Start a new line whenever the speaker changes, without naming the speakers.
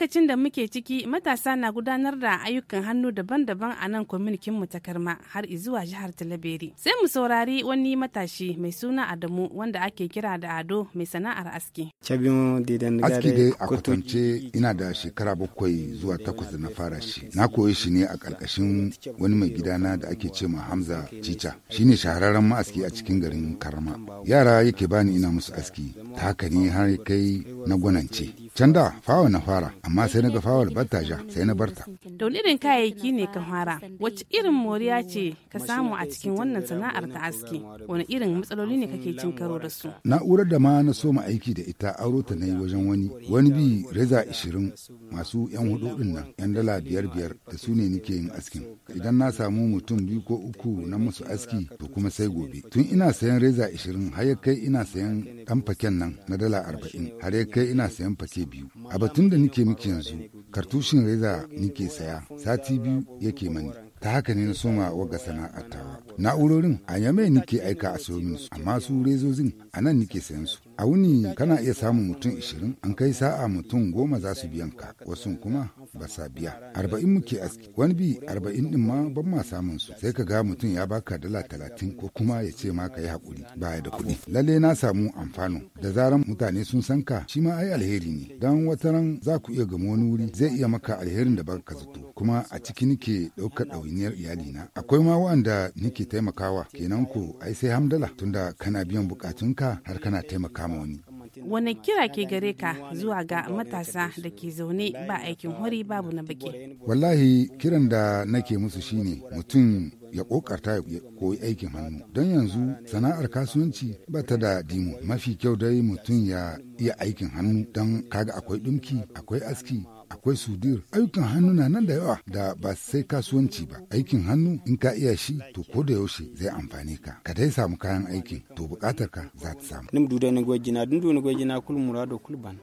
lokacin da muke ciki matasa na gudanar da ayyukan hannu daban-daban a nan kwaminikin mu ta karma har izuwa jihar talabere sai mu saurari wani matashi mai suna adamu wanda ake kira da ado mai sana'ar aski
aski dai a kwatance ina da shekara bakwai zuwa takwas da na fara shi na koyi shi ne a ƙarƙashin wani mai gidana da ake ce ma hamza cica shine shahararren ma'aski a cikin garin karma yara yake bani ina musu aski ta haka ne har kai na gwanance Can da fawa na fara, amma sai na ga fawar batta ja sai na barta.
Da wani irin kayayyaki ne ka fara, wacce irin moriya ce ka samu a cikin wannan sana'ar ta aski, wani irin matsaloli ne kake cin karo da su.
Na'urar da ma na so ma aiki da ita aro ta nayi wajen wani, wani bi reza ishirin masu yan hudu din nan, yan dala biyar biyar da su ne nike yin askin. Idan na samu mutum biyu ko uku na musu aski to kuma sai gobe. Tun ina sayan reza ishirin har ya kai ina sayan dan faken nan na dala arba'in har ya kai ina sayan fake biyu a batun da nike miki yanzu kartushin reza nike saya sati biyu yake mani ta haka ne na soma wa ga tawa na'urorin a yamai nike aika a sayo su amma su rezozin a nan nike sayan su a wuni kana iya samun mutum ishirin an kai sa'a mutum goma za su biyan ka wasu kuma ba sa biya arba'in muke aski wani bi arba'in din ma ban ma samun su sai ka ga mutum ya baka dala talatin ko kuma ya ce ma ka yi hakuri baya da kuɗi lalle na samu amfano da zaran mutane sun san ka shi ma ai alheri ne dan wataran za ku iya gama wani wuri zai iya maka alherin da baka zato kuma a ciki nike ɗaukar ɗawainiyar iyalina akwai ma wanda nike taimakawa kenan ku ai sai hamdala tunda kana biyan bukatunka har kana taimaka ma wani
wani kira ke gare ka zuwa ga matasa da ke zaune ba aikin hori babu na baki
wallahi kiran da nake musu shine mutum ya kokarta ya koyi aikin hannu don yanzu sana'ar kasuwanci ba ta da dimu mafi kyau dai mutum ya iya aikin hannu don kaga akwai dumki akwai aski akwai sudir ayyukan hannu na nan da yawa da ba sai kasuwanci ba aikin hannu in ka iya shi to ko da yaushe zai amfane ka ka dai samu kayan aikin to bukatar ka za ta samu nim duda ni gwajina dun duni gwajina kul murado kul ban